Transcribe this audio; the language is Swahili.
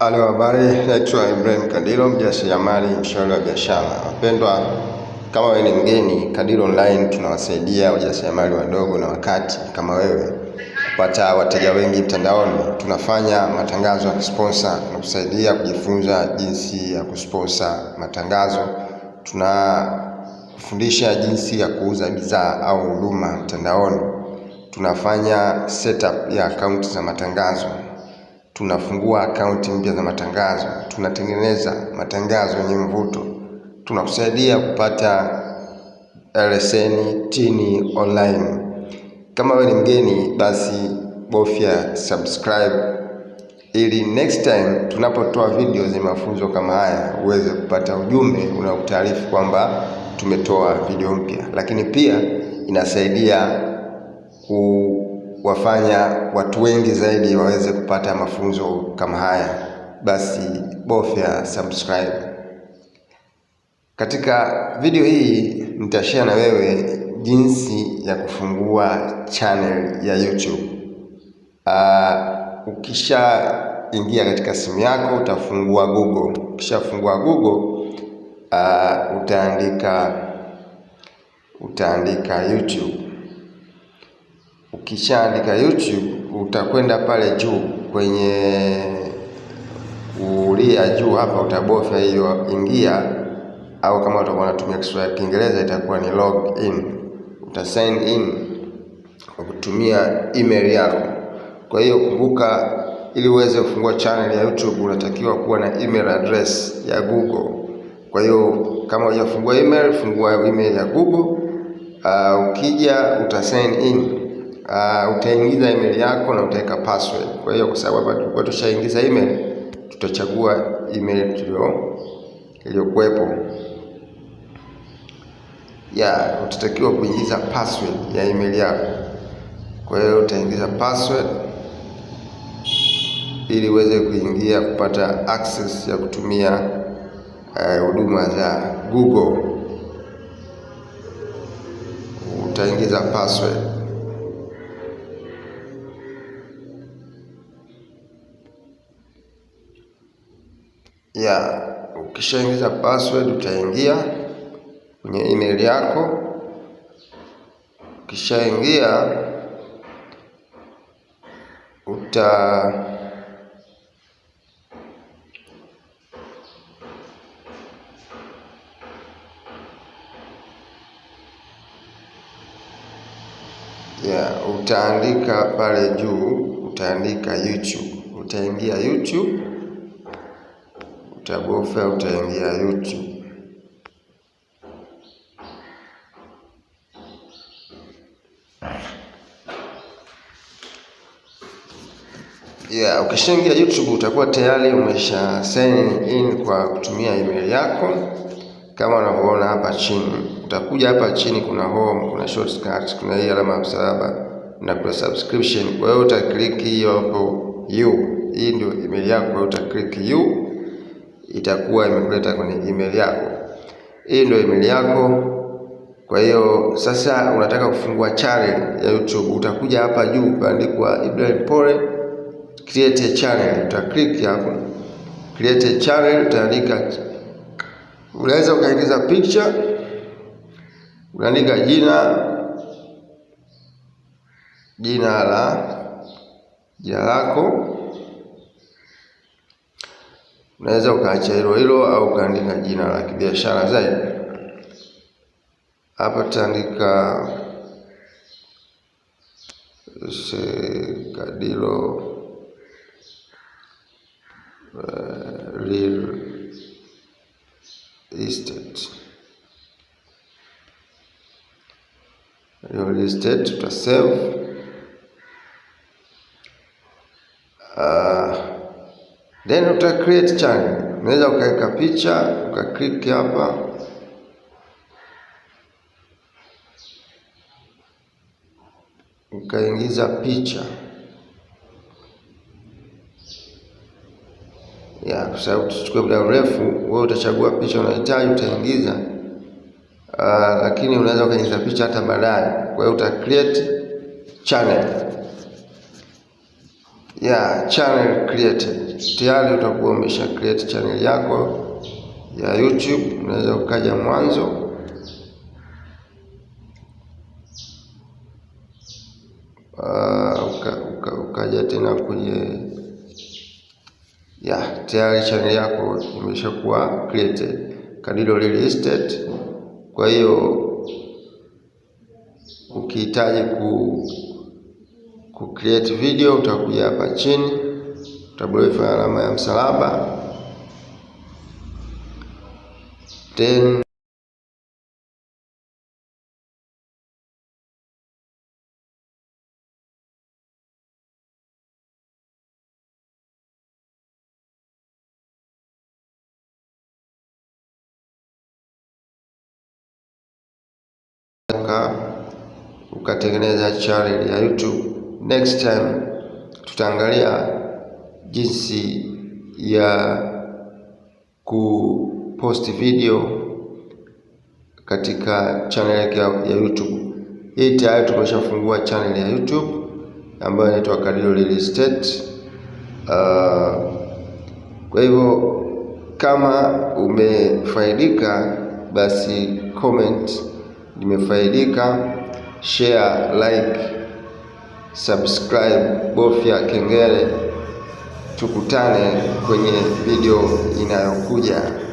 Halo, habari. Naitwa Ibrahim Kadilo, mjasiriamali, mshauri wa biashara. Wapendwa, kama wewe ni mgeni, Kadilo Online tunawasaidia wajasiriamali wadogo na wakati kama wewe kupata wateja wengi mtandaoni. Tunafanya matangazo ya kusponsa, tunakusaidia kujifunza jinsi ya kusponsa matangazo, tunafundisha jinsi ya kuuza bidhaa au huduma mtandaoni, tunafanya setup ya akaunti za matangazo tunafungua akaunti mpya za matangazo, tunatengeneza matangazo yenye mvuto, tunakusaidia kupata leseni Tini Online. Kama wewe ni mgeni, basi bofya subscribe ili next time tunapotoa video zenye mafunzo kama haya uweze kupata ujumbe unaokutaarifu kwamba tumetoa video mpya, lakini pia inasaidia ku kuwafanya watu wengi zaidi waweze kupata mafunzo kama haya, basi bofya subscribe. Katika video hii nitashare na wewe jinsi ya kufungua channel ya YouTube. Uh, ah, ukishaingia katika simu yako utafungua Google. Ukishafungua Google uh, utaandika utaandika YouTube Ukishaandika YouTube utakwenda pale juu kwenye kulia juu hapa utabofya hiyo ingia, au kama utakuwa unatumia Kiswahili Kiingereza itakuwa ni log in. Uta sign in kwa kutumia email yako. Kwa hiyo kumbuka, ili uweze kufungua channel ya YouTube unatakiwa kuwa na email address ya Google. Kwa hiyo kama hujafungua email, fungua email ya Google. Uh, ukija uta sign in uh, utaingiza email yako na utaweka password. Kwa hiyo kwa sababu hapa tulikuwa tushaingiza email, tutachagua email tulio iliyokuwepo. Ya, utatakiwa kuingiza password ya email yako. Kwa hiyo utaingiza password ili uweze kuingia kupata access ya kutumia eh, huduma uh, za Google. Utaingiza password ya ukishaingiza password utaingia kwenye email yako. Ukishaingia uta ya utaandika pale juu, utaandika YouTube, utaingia YouTube utabofya utaingia YouTube. Yeah, ukishaingia YouTube utakuwa tayari umesha sign in kwa kutumia email yako kama unavyoona hapa chini. Utakuja hapa chini, kuna home, kuna shortcut, kuna hii alama ya msalaba na kuna subscription. Kwa hiyo utaklik hiyo hapo you, hii ndio email yako, utaklik you itakuwa imekuleta kwenye email yako. Hii ndio email yako. Kwa hiyo sasa unataka kufungua channel ya YouTube, utakuja hapa juu kuandikwa Ibrahim Pole, create a channel, uta click hapo create a channel, utaandika, unaweza ukaingiza picture, unaandika jina jina la jina lako Unaweza ukaacha hilo hilo au ukaandika jina la kibiashara zaidi. Hapa tutaandika Sekadilo eh, Real Estate. Real Estate tutasave then uta create channel. Unaweza ukaweka picha uka click hapa ukaingiza picha ya kwa sababu tuchukue muda mrefu. Wewe utachagua picha unahitaji utaingiza, uh, lakini unaweza ukaingiza picha hata baadaye. Kwa hiyo uta create channel ya channel created tayari utakuwa umesha create channel yako ya YouTube. Unaweza ukaja mwanzo uh, uka, ukaja tena kwenye ya tayari channel yako imeshakuwa created Kadilo listed. Kwa hiyo ukihitaji ku, ku create video utakuja hapa chini tablefu alama ya msalaba ten ukatengeneza channel ya YouTube. Next time tutaangalia jinsi ya kupost video katika channel yake ya YouTube. Hii tayari tumeshafungua channel ya YouTube ambayo inaitwa Kadilo Real Estate. Uh, kwa hivyo kama umefaidika basi comment nimefaidika, share, like, subscribe, bofya kengele tukutane kwenye video inayokuja.